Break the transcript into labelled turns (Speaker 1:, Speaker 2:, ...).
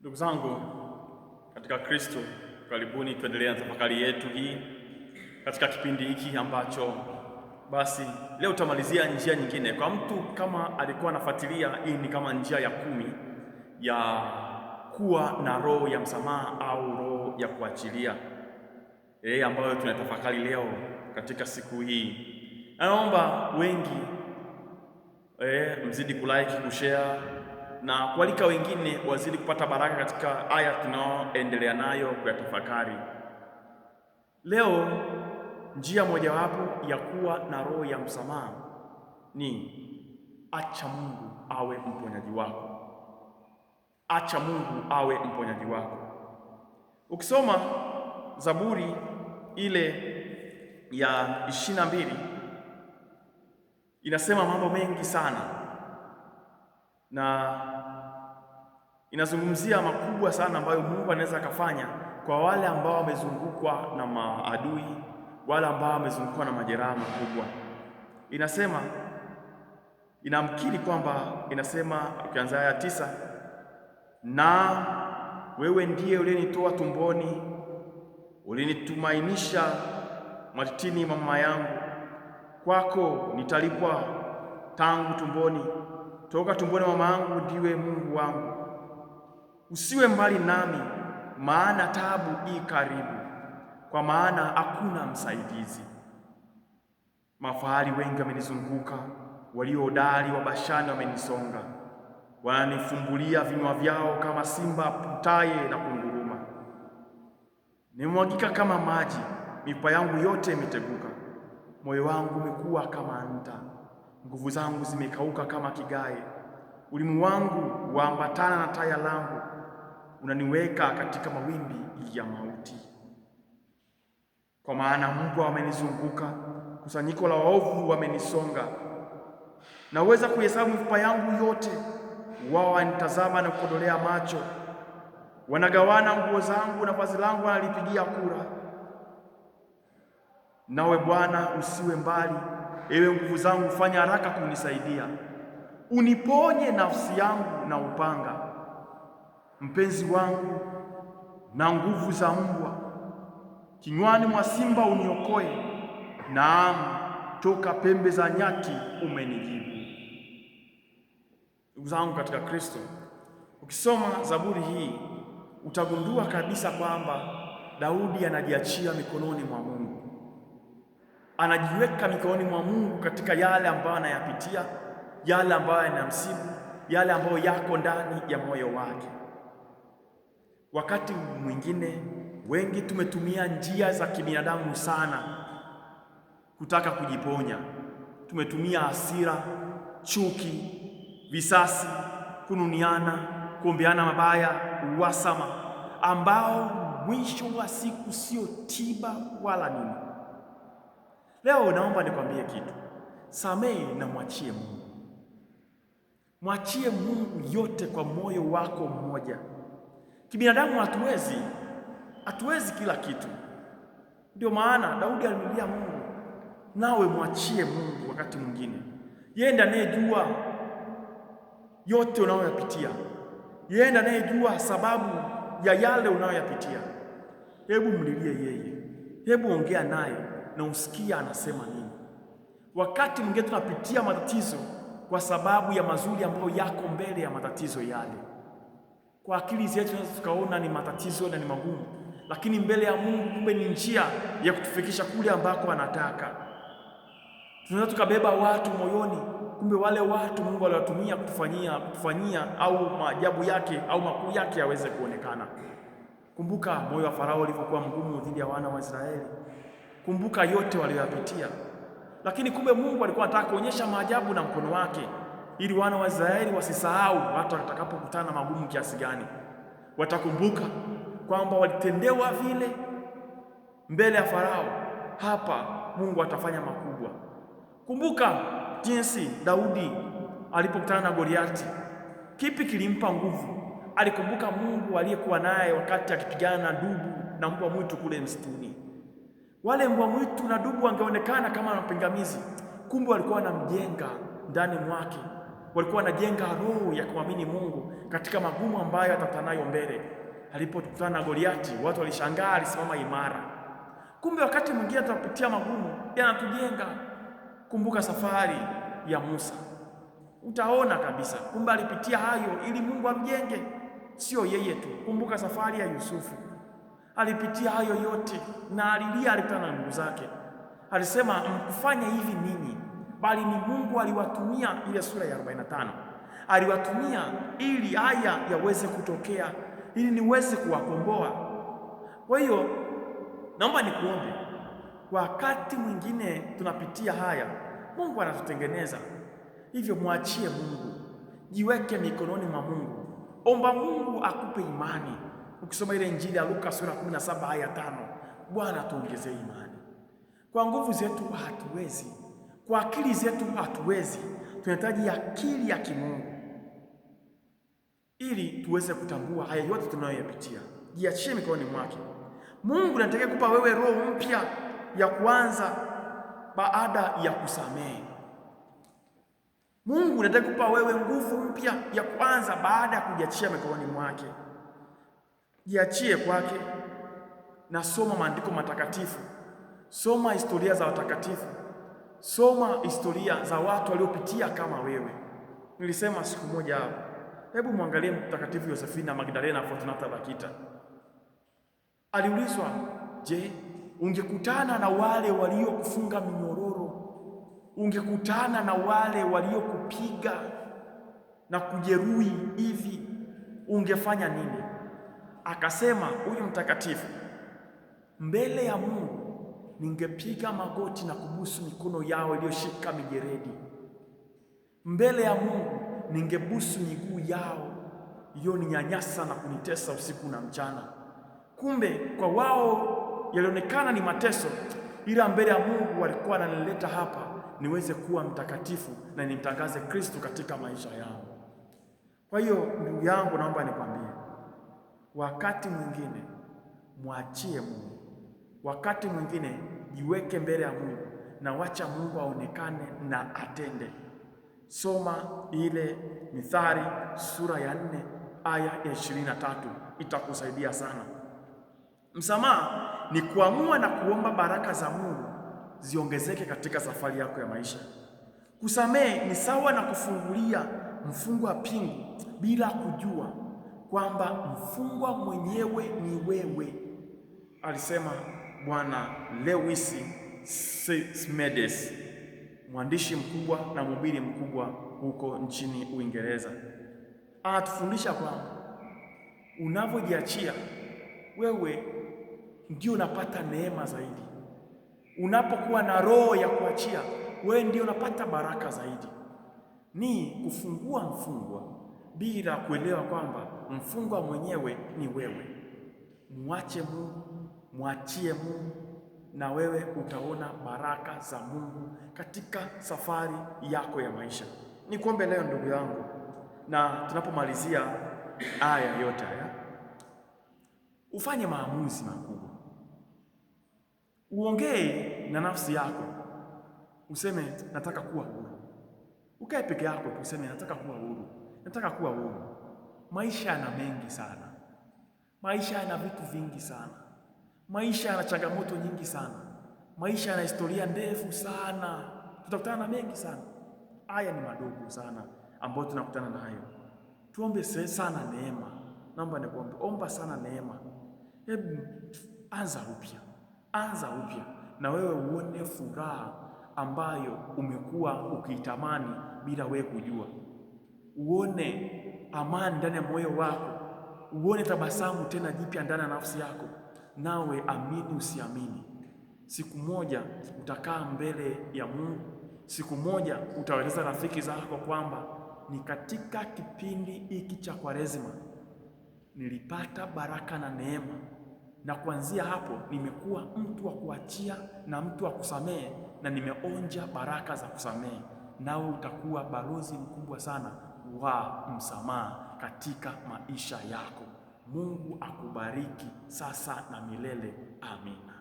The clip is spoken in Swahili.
Speaker 1: Ndugu zangu katika Kristo, karibuni tuendelee na tafakari yetu hii katika kipindi hiki ambacho basi leo tutamalizia njia nyingine. Kwa mtu kama alikuwa anafuatilia, hii ni kama njia ya kumi ya kuwa na roho ya msamaha au roho ya kuachilia e, ambayo tunatafakari leo katika siku hii. Naomba wengi e, mzidi kulike, kushare na kualika wengine wazidi kupata baraka katika aya tunayoendelea nayo tafakari leo. Njia mojawapo ya kuwa na roho ya msamaha ni acha Mungu awe mponyaji wako, acha Mungu awe mponyaji wako. Ukisoma Zaburi ile ya ishirini na mbili inasema mambo mengi sana na inazungumzia makubwa sana ambayo Mungu anaweza akafanya kwa wale ambao wamezungukwa na maadui, wale ambao wamezungukwa na majeraha makubwa. Inasema inamkiri kwamba inasema, ukianza aya tisa, na wewe ndiye uliyenitoa tumboni, ulinitumainisha matitini mama yangu, kwako nitalipwa tangu tumboni toka tumboni mama yangu ndiwe Mungu wangu. Usiwe mbali nami, maana tabu i karibu, kwa maana hakuna msaidizi. Mafahali wengi wamenizunguka, walio hodari wa Bashani wamenisonga. Wananifumbulia vinywa vyao kama simba putaye na kunguruma. Nimwagika kama maji, mipa yangu yote imeteguka, moyo wangu umekuwa kama nta nguvu zangu zimekauka kama kigae, ulimi wangu waambatana na taya langu, unaniweka katika mawimbi ya mauti. Kwa maana mbwa wamenizunguka, kusanyiko la waovu wamenisonga. Naweza kuhesabu mifupa yangu yote, wao wanitazama na kukodolea macho. Wanagawana nguo zangu na vazi langu wanalipigia kura. Nawe Bwana usiwe mbali Ewe nguvu zangu, fanya haraka kunisaidia, uniponye nafsi yangu na upanga. Mpenzi wangu na nguvu za mbwa, kinywani mwa simba uniokoe, naam, toka pembe za nyati umenijibu. Ndugu zangu katika Kristo, ukisoma Zaburi hii utagundua kabisa kwamba Daudi anajiachia mikononi mwa Mungu anajiweka mikononi mwa Mungu katika yale ambayo anayapitia, yale ambayo yanamsibu, yale ambayo yako ndani ya moyo wake. Wakati mwingine wengi tumetumia njia za kibinadamu sana kutaka kujiponya. Tumetumia hasira, chuki, visasi, kununiana, kuombeana mabaya, uwasama ambao mwisho wa siku sio tiba wala nini Leo naomba nikwambie kitu, samehe na mwachie Mungu. Mwachie Mungu yote kwa moyo wako mmoja. Kibinadamu hatuwezi, hatuwezi kila kitu. Ndio maana Daudi alimlilia Mungu, nawe mwachie Mungu. Wakati mwingine yeye ndiye anayejua yote unayoyapitia, yeye ndiye anayejua sababu ya yale unayoyapitia. Hebu mlilie yeye, hebu ongea naye na usikia anasema nini. Wakati mwingine tunapitia matatizo kwa sababu ya mazuri ambayo yako mbele ya matatizo yale. Kwa akili zetu tunaweza tukaona ni matatizo na ni magumu, lakini mbele ya Mungu kumbe ni njia ya kutufikisha kule ambako anataka. Tunaweza tukabeba watu moyoni, kumbe wale watu Mungu aliwatumia kutufanyia kutufanyia au maajabu yake au makuu yake yaweze kuonekana. Kumbuka moyo wa Farao ulivyokuwa mgumu dhidi ya wana wa Israeli kumbuka yote waliyopitia, Lakini kumbe Mungu alikuwa anataka kuonyesha maajabu na mkono wake, ili wana wa Israeli wasisahau hata watakapokutana na magumu kiasi gani, watakumbuka kwamba walitendewa vile mbele ya Farao. Hapa Mungu atafanya makubwa. Kumbuka jinsi Daudi alipokutana na Goliati, kipi kilimpa nguvu? Alikumbuka Mungu aliyekuwa naye wakati akipigana na dubu na mbwa mwitu kule msituni. Wale mbwa mwitu na dubu wangeonekana kama mapingamizi, kumbe walikuwa wanamjenga ndani mwake, walikuwa wanajenga roho ya kuamini Mungu katika magumu ambayo atatanayo mbele. Alipokutana na Goliati, watu walishangaa, alisimama imara. Kumbe wakati mwingine tunapitia magumu yanatujenga. Kumbuka safari ya Musa, utaona kabisa kumbe alipitia hayo ili Mungu amjenge, sio yeye tu. Kumbuka safari ya Yusufu alipitia hayo yote na alilia, alipana na ndugu zake, alisema mkufanya hivi ninyi, bali ni Mungu aliwatumia. Ile sura ya 45 aliwatumia ili haya yaweze kutokea, ili niweze kuwakomboa. Kwa hiyo naomba nikuombe, wakati mwingine tunapitia haya, Mungu anatutengeneza hivyo. Mwachie Mungu, jiweke mikononi mwa Mungu, omba Mungu akupe imani Ukisoma ile Injili ya Luka sura 17 aya tano, Bwana tuongezee imani. Kwa nguvu zetu hatuwezi, kwa akili zetu hatuwezi. Tunahitaji akili ya kimungu ili tuweze kutambua haya yote tunayoyapitia. Jiachie mikononi mwake Mungu. Anataka kupa wewe roho mpya ya kuanza baada ya kusamehe. Mungu anataka kupa wewe nguvu mpya ya kuanza baada ya kujiachia mikononi mwake jiachie kwake na soma maandiko matakatifu, soma historia za watakatifu, soma historia za watu waliopitia kama wewe. Nilisema siku moja hapo, hebu mwangalie Mtakatifu Yosefina Magdalena Fortunata Bakita. Aliulizwa, je, ungekutana na wale waliokufunga minyororo, ungekutana na wale waliokupiga na kujeruhi hivi, ungefanya nini? Akasema huyu mtakatifu, mbele ya Mungu ningepiga magoti na kubusu mikono yao iliyoshika mijeredi. Mbele ya Mungu ningebusu miguu yao iliyoninyanyasa na kunitesa usiku na mchana. Kumbe kwa wao yalionekana ni mateso, ila mbele ya Mungu walikuwa wananileta hapa niweze kuwa mtakatifu na nimtangaze Kristo katika maisha yao Kwa hiyo ndugu yangu, naomba ni Wakati mwingine mwachie Mungu, wakati mwingine jiweke mbele ya Mungu na wacha Mungu aonekane na atende. Soma ile Mithali sura ya nne aya ya ishirini na tatu itakusaidia sana. Msamaha ni kuamua na kuomba baraka za Mungu ziongezeke katika safari yako ya maisha. Kusamehe ni sawa na kufungulia mfungwa pingu bila kujua kwamba mfungwa mwenyewe ni wewe, alisema Bwana Lewis Smedes, mwandishi mkubwa na mhubiri mkubwa huko nchini Uingereza. Anatufundisha kwamba unavyojiachia wewe ndio unapata neema zaidi. Unapokuwa na roho ya kuachia, wewe ndio unapata baraka zaidi. Ni kufungua mfungwa bila kuelewa kwamba mfungwa mwenyewe ni wewe. Mwache Mungu, mwachie Mungu na wewe utaona baraka za Mungu katika safari yako ya maisha. ni kuombe leo ndugu yangu, na tunapomalizia aya yote haya, ufanye maamuzi makubwa, uongee na nafsi yako, useme nataka kuwa huru. Ukae peke yako, useme nataka kuwa huru nataka kuwa huru. Maisha yana mengi sana, maisha yana vitu vingi sana, maisha yana changamoto nyingi sana, maisha yana historia ndefu sana, tutakutana na mengi sana. Haya ni madogo sana ambayo tunakutana nayo. Tuombe sana neema, naomba nikuombe, omba sana neema. Hebu anza upya, anza upya na wewe uone furaha ambayo umekuwa ukiitamani bila wewe kujua uone amani ndani ya moyo wako, uone tabasamu tena jipya ndani ya nafsi yako, nawe amini usiamini, siku moja utakaa mbele ya Mungu. Siku moja utaeleza rafiki zako kwamba ni katika kipindi hiki cha Kwaresima nilipata baraka na neema, na kuanzia hapo nimekuwa mtu wa kuachia na mtu wa kusamehe, na nimeonja baraka za kusamehe. Nawe utakuwa balozi mkubwa sana wa msamaha katika maisha yako. Mungu akubariki sasa na milele. Amina.